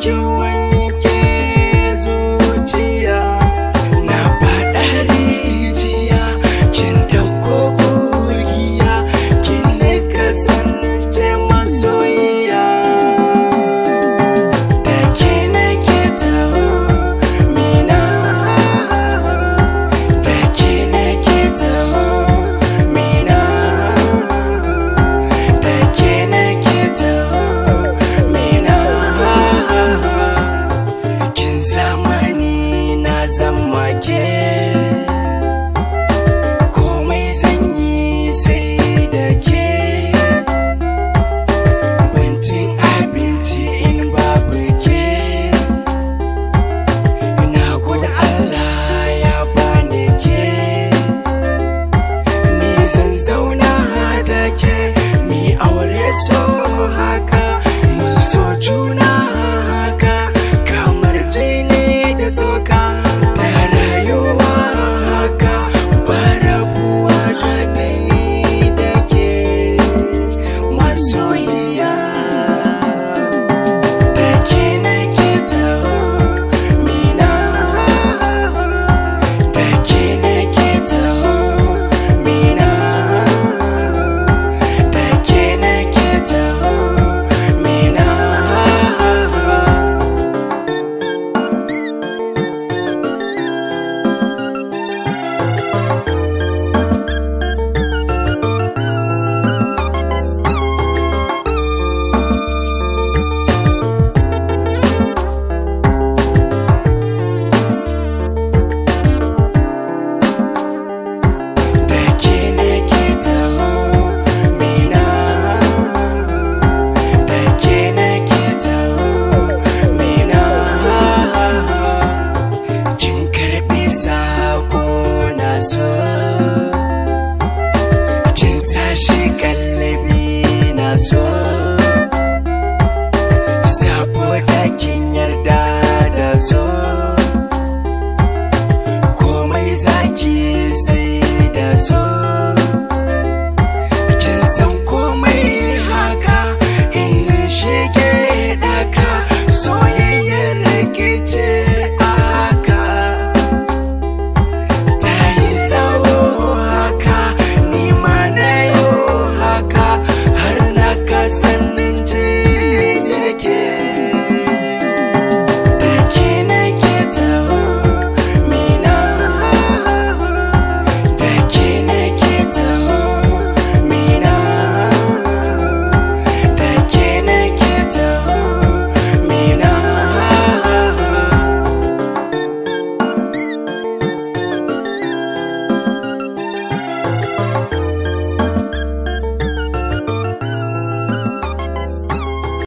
that you zan ke?